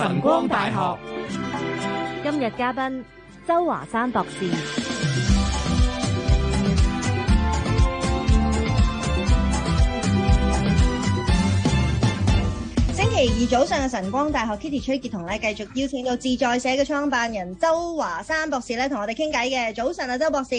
晨光大學今日嘉賓周華山博士。星期二早上嘅晨光大學，Kitty 崔潔同你繼續邀請到自在社嘅創辦人周華山博士咧，同我哋傾偈嘅。早晨啊，周博士。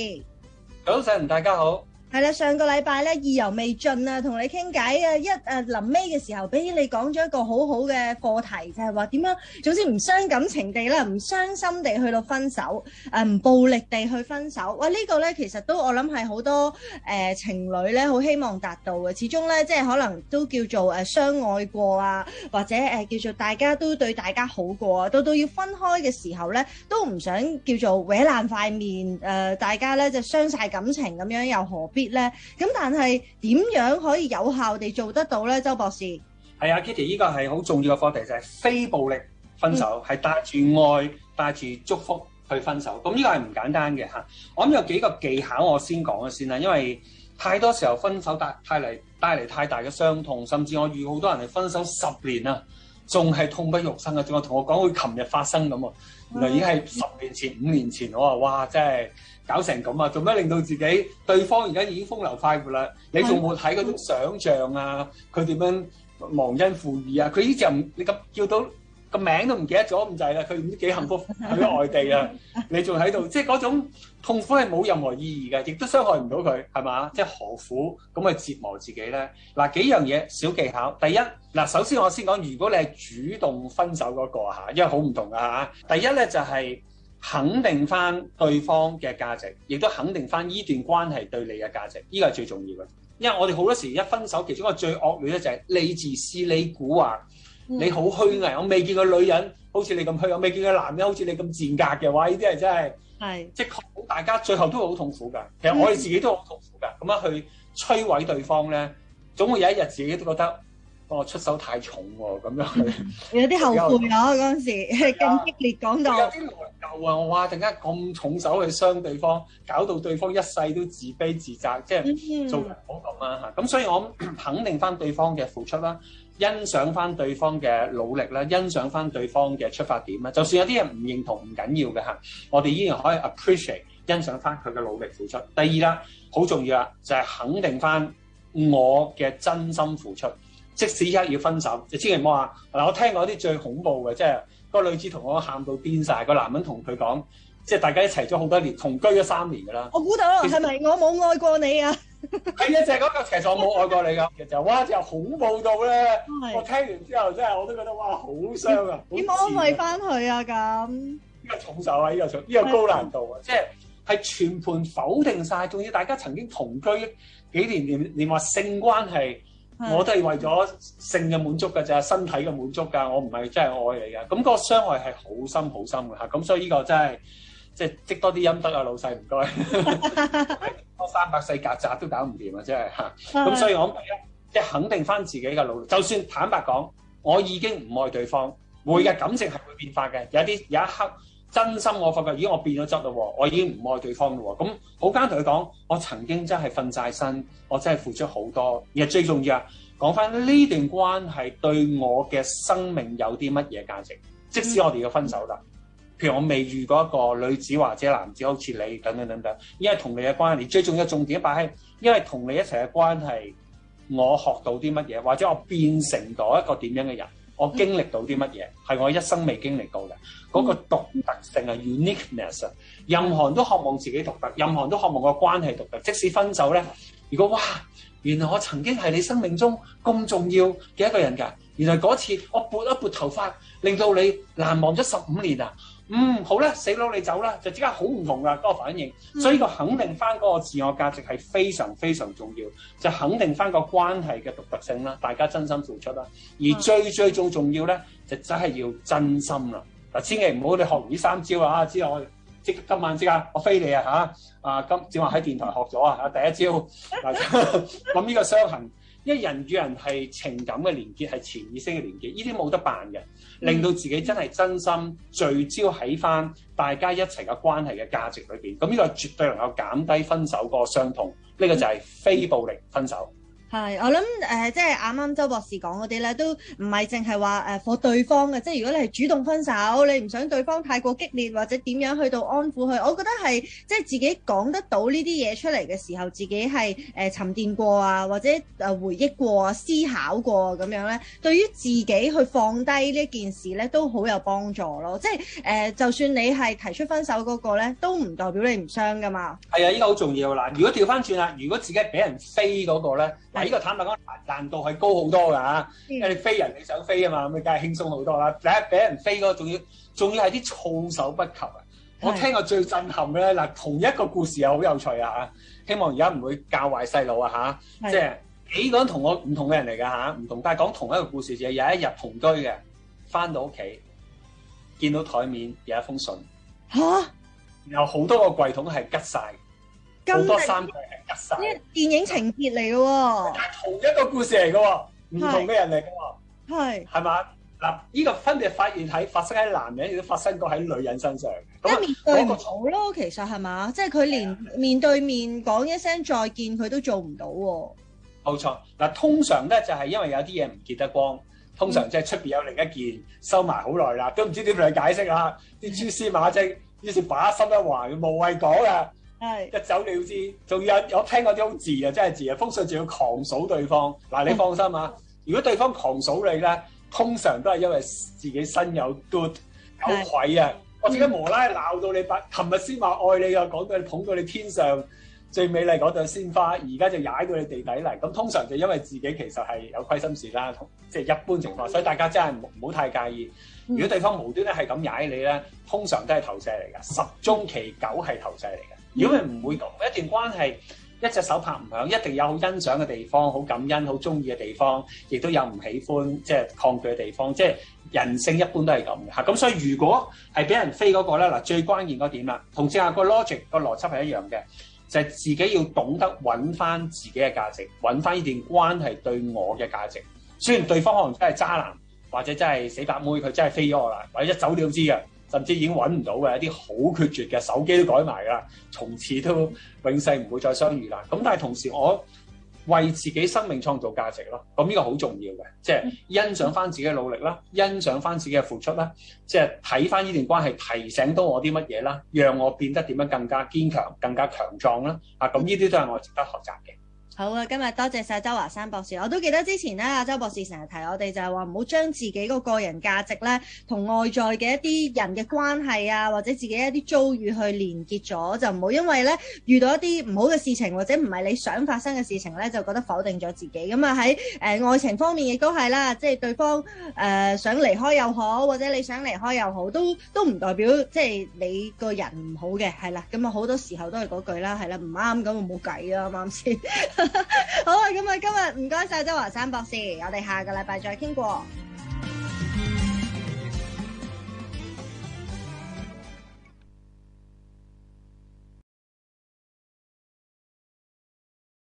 早晨，大家好。係啦，上個禮拜咧意猶未盡啊，同你傾偈啊一誒臨尾嘅時候，俾你講咗一個好好嘅課題，就係話點樣，總之唔傷感情地啦，唔傷心地去到分手，唔、啊、暴力地去分手。哇、啊！這個、呢個咧其實都我諗係好多誒、呃、情侶咧好希望達到嘅，始終咧即係可能都叫做誒相愛過啊，或者叫做大家都對大家好過、啊，到到要分開嘅時候咧，都唔想叫做搲爛塊面，誒、呃、大家咧就傷晒感情咁樣，又何必？咧咁，但係點樣可以有效地做得到咧？周博士，係啊，Kitty，依個係好重要嘅課題，就係、是、非暴力分手，係、嗯、帶住愛、帶住祝福去分手。咁呢個係唔簡單嘅嚇。我諗有幾個技巧，我先講咗先啦。因為太多時候分手帶太嚟帶嚟太大嘅傷痛，甚至我遇好多人係分手十年啦。仲係痛不欲生啊！仲有同我講佢琴日發生咁啊，原來已經係十年前、 五年前，我話哇，真係搞成咁啊！做咩令到自己對方而家已經風流快活啦？你仲冇睇嗰種想像啊？佢點樣忘恩負義啊？佢呢隻你咁叫到。個名都唔記得咗咁滯啦，佢唔知幾幸福喺外地啊！你仲喺度，即係嗰種痛苦係冇任何意義嘅，亦都傷害唔到佢，係嘛？即係何苦咁去折磨自己咧？嗱，幾樣嘢小技巧，第一嗱，首先我先講，如果你係主動分手嗰個，因為好唔同㗎。第一咧就係肯定翻對方嘅價值，亦都肯定翻呢段關係對你嘅價值，呢個係最重要嘅。因為我哋好多時一分手，其中一個最惡劣咧就係你自私，你估啊！你好虛偽，我未見過女人好似你咁虛偽，我未見過男人好似你咁賤格嘅話，呢啲係真係，即係，大家最後都會好痛苦㗎。其實我哋自己都好痛苦㗎，咁、嗯、樣去摧毀對方咧，總會有一日自己都覺得。我、哦、出手太重喎、啊，咁樣 有啲後悔咗嗰陣時，的更激烈講到，有啲內疚啊！我哇，突然間咁重手去傷對方，搞到對方一世都自卑自責，即係做人好咁啦嚇。咁 所以我 肯定翻對方嘅付出啦，欣賞翻對方嘅努力啦，欣賞翻對方嘅出發點啦。就算有啲人唔認同，唔緊要嘅嚇，我哋依然可以 appreciate 欣賞翻佢嘅努力付出。第二啦，好重要啦，就係、是、肯定翻我嘅真心付出。即使一刻要分手，就千祈唔好話嗱，我聽過啲最恐怖嘅，即係個女子同我喊到癲晒，個男人同佢講，即係大家一齊咗好多年，同居咗三年噶啦。我估到係咪實我冇愛過你啊？係一隻嗰個其實我冇愛過你噶，就哇，就恐怖到咧！是我聽完之後真係我都覺得哇，好傷要賤啊！點安慰翻佢啊？咁呢個重手啊！呢個重，呢個高難度啊！是的即係係全盤否定曬，仲要大家曾經同居幾年，連連話性關係。我都係為咗性嘅滿足㗎啫，身體嘅滿足㗎，我唔係真係愛你㗎，咁個傷害係好深好深㗎嚇，咁所以呢個真係即係積多啲陰德啊，老細唔該， 多三百世曱甴都搞唔掂啊真係嚇，咁所以我即係肯定翻自己嘅努力，就算坦白講，我已經唔愛對方，每日感情係會變化嘅，有啲有一刻。真心我發覺，已經我變咗質咯，我已經唔愛對方咯。咁好間同佢講，我曾經真係瞓晒身，我真係付出好多。而係最重要啊，講翻呢段關係對我嘅生命有啲乜嘢價值？即使我哋要分手啦，譬如我未遇過一個女子或者男子好似你等等等等，因為同你嘅關係，最重要嘅重點擺喺因為同你一齊嘅關係，我學到啲乜嘢，或者我變成咗一個點樣嘅人。我經歷到啲乜嘢係我一生未經歷過嘅，嗰、嗰個獨特性係、嗯、uniqueness。任何人都渴望自己獨特，任何人都渴望個關係獨特。即使分手呢，如果哇，原來我曾經係你生命中咁重要嘅一個人㗎，原來嗰次我撥一撥頭髮，令到你難忘咗十五年啊！嗯，好啦，死佬你走啦，就即刻好唔同啦，嗰、嗰個反應，所以個肯定翻嗰個自我價值係非常非常重要，就肯定翻個關係嘅獨特性啦，大家真心付出啦，而最最重要咧就真係要真心啦，嗱、嗯、千祈唔好你學完呢三招啊，之後我，即今晚即刻，我飛你啊吓，啊今正話喺電台學咗啊，第一招諗呢 個傷痕。因為人與人係情感嘅連結，係潛意識嘅連結，呢啲冇得扮嘅，令到自己真係真心聚焦喺翻大家一齊嘅關係嘅價值裏邊，咁呢個係絕對能夠減低分手嗰個傷痛，呢、呢個就係非暴力分手。係，我諗誒、呃，即係啱啱周博士講嗰啲咧，都唔係淨係話誒俾對方嘅，即係如果你係主動分手，你唔想對方太過激烈或者點樣去到安撫佢，我覺得係即係自己講得到呢啲嘢出嚟嘅時候，自己係誒、呃、沉澱過啊，或者誒回憶過啊，思考過咁、啊、樣咧，對於自己去放低呢一件事咧，都好有幫助咯。即係誒、呃，就算你係提出分手嗰個咧，都唔代表你唔傷噶嘛。係啊，依個好重要啦。如果調翻轉啦，如果自己係俾人飛嗰個咧。喺個坦白講難度係高好多㗎嚇、啊，嗯、因為你飛人你想飛啊嘛，咁你梗係輕鬆好多啦。但係俾人飛嗰個，仲要仲要係啲措手不及啊！是我聽過最震撼嘅咧嗱，同一個故事又好有趣啊嚇，希望而家唔會教壞細路啊吓，是啊即係幾個人、啊、同我唔同嘅人嚟㗎吓，唔同但係講同一個故事，就係有一日同居嘅，翻到屋企見到台面有一封信吓，啊、然後好多個櫃桶係吉晒。咁多三個人吉曬，呢個電影情節嚟嘅喎，同一個故事嚟嘅喎，唔同嘅人嚟嘅喎，係係嘛嗱？呢、啊呢個分別發現喺發生喺男人，亦都發生過喺女人身上。咁面對唔到、那個、咯，其實係嘛？即係佢連面對面講一聲再見，佢都做唔到、啊。冇錯嗱、啊，通常咧就係、是、因為有啲嘢唔見得光，通常即係出邊有另一件收埋好耐啦，都唔知點樣解釋啊！啲蛛絲馬跡於是把心一橫，無謂講嘅。係一走了之，仲有我聽嗰啲好賤啊，真係賤啊！封信仲要狂數對方嗱，你放心啊。如果對方狂數你咧，通常都係因為自己身有 good 有愧啊。我自己無啦啦鬧到你，把琴日先話愛你啊，講到你捧到你天上最美麗嗰朵鮮花，而家就踩到你地底嚟。咁通常就因為自己其實係有虧心事啦，即係一般情況，所以大家真係唔好太介意。如果對方無端呢係咁踩你咧，通常都係投射嚟嘅，十中其九係投射嚟嘅。如果係唔會咁，一段關係一隻手拍唔響，一定有好欣賞嘅地方，好感恩、好中意嘅地方，亦都有唔喜歡、即係抗拒嘅地方，即係人性一般都係咁嘅嚇。咁所以如果係俾人飛嗰個咧，嗱最關鍵嗰點啦，同正下個 logic 個邏輯係一樣嘅，就係自己要懂得揾翻自己嘅價值，揾翻呢段關係對我嘅價值。雖然對方可能真係渣男，或者真係死白妹，佢真係飛咗我啦，或者一走了之嘅。甚至已經揾唔到嘅一啲好決絕嘅手機都改埋啦，從此都永世唔會再相遇啦。咁但係同時，我為自己生命創造價值咯。咁、這、呢個好重要嘅，即係欣賞翻自己嘅努力啦，欣賞翻自己嘅付出啦，即係睇翻呢段關係，提醒到我啲乜嘢啦，讓我變得點樣更加堅強、更加強壯啦。啊，咁呢啲都係我值得學習嘅。好啊，今日多謝晒周華山博士。我都記得之前咧，阿周博士成日提我哋就係話唔好將自己個個人價值咧同外在嘅一啲人嘅關係啊，或者自己一啲遭遇去連結咗，就唔好因為咧遇到一啲唔好嘅事情或者唔係你想發生嘅事情咧，就覺得否定咗自己。咁啊喺誒愛情方面亦都係啦，即係對方誒、呃、想離開又好，或者你想離開又好，都都唔代表即係你個人唔好嘅。係啦，咁啊好多時候都係嗰句啦，係啦唔啱咁我冇計啦，啱先。 好啊！咁啊，今日唔該晒周華山博士，我哋下個禮拜再傾過。